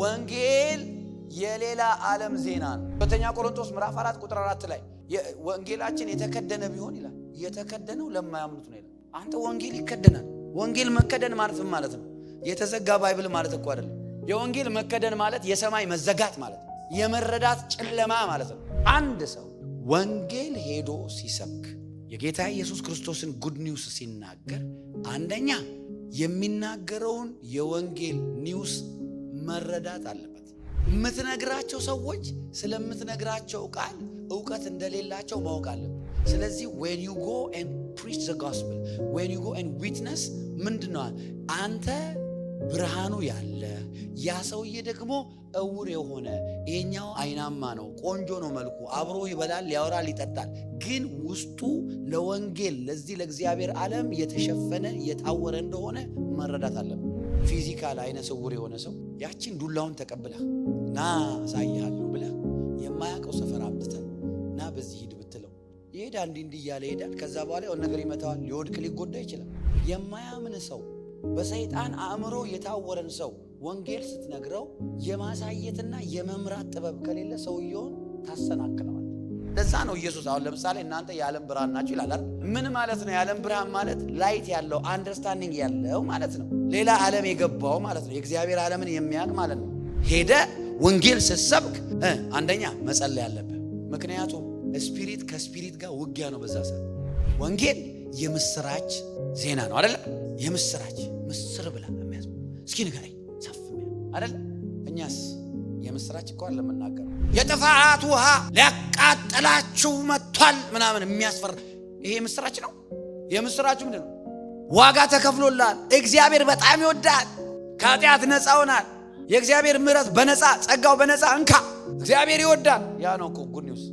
ወንጌል የሌላ ዓለም ዜና ነው። ሁለተኛ ቆሮንቶስ ምዕራፍ አራት ቁጥር አራት ላይ ወንጌላችን የተከደነ ቢሆን ይላል የተከደነው ለማያምኑት ነው ይላል። አንተ ወንጌል ይከደናል። ወንጌል መከደን ማለት ምን ማለት ነው? የተዘጋ ባይብል ማለት እኮ አይደለም። የወንጌል መከደን ማለት የሰማይ መዘጋት ማለት ነው። የመረዳት ጨለማ ማለት ነው። አንድ ሰው ወንጌል ሄዶ ሲሰብክ የጌታ ኢየሱስ ክርስቶስን ጉድ ኒውስ ሲናገር አንደኛ የሚናገረውን የወንጌል ኒውስ መረዳት አለበት። የምትነግራቸው ሰዎች ስለምትነግራቸው ቃል እውቀት እንደሌላቸው ማወቅ አለበት። ስለዚህ ዌን ዩ ጎ ኤን ፕሪች ዘ ጎስፕል ዌን ዩ ጎ ኤን ዊትነስ ምንድን ነው? አንተ ብርሃኑ ያለ ያ ሰውዬ ደግሞ እውር የሆነ ይሄኛው አይናማ ነው፣ ቆንጆ ነው መልኩ፣ አብሮ ይበላል፣ ያወራል፣ ይጠጣል፣ ግን ውስጡ ለወንጌል ለዚህ ለእግዚአብሔር ዓለም የተሸፈነ የታወረ እንደሆነ መረዳት አለበት። ፊዚካል አይነ ስውር የሆነ ሰው ያችን ዱላውን ተቀብላ ና ሳይሃለሁ ብለ የማያውቀው ሰፈር አምጥተ ና በዚህ ሂድ ብትለው ይሄድ እንዲህ እንዲህ እያለ ይሄዳል። ከዛ በኋላ የሆነ ነገር ይመታዋል። ሊወድቅ ሊጎዳ ይችላል። የማያምን ሰው በሰይጣን አእምሮ የታወረን ሰው ወንጌል ስትነግረው የማሳየትና የመምራት ጥበብ ከሌለ ሰውየውን ታሰናክለዋል። እንደዛ ነው ኢየሱስ። አሁን ለምሳሌ እናንተ የዓለም ብርሃን ናችሁ ይላላል። ምን ማለት ነው? የዓለም ብርሃን ማለት ላይት ያለው አንደርስታንዲንግ ያለው ማለት ነው። ሌላ ዓለም የገባው ማለት ነው። የእግዚአብሔር ዓለምን የሚያውቅ ማለት ነው። ሄደ ወንጌል ስትሰብክ አንደኛ መጸለይ ያለብህ፣ ምክንያቱም ስፒሪት ከስፒሪት ጋር ውጊያ ነው። በዛ ሰ ወንጌል የምስራች ዜና ነው አደለ? የምስራች ምስር ብላ የሚያዝ እስኪ ንገረኝ ሰፍ አደለ? እኛስ የምስራች እኮ ለምናገር የጥፋት ውሃ ሊያቃጥላችሁ መጥቷል ምናምን የሚያስፈራ ይሄ ምስራች ነው። የምስራች ምንድን ነው? ዋጋ ተከፍሎላል። እግዚአብሔር በጣም ይወዳል። ከኃጢአት ነፃ ሆናል። የእግዚአብሔር ምሕረት በነፃ ጸጋው በነፃ እንካ። እግዚአብሔር ይወዳል። ያ ነው እኮ ጉድ ኒውስ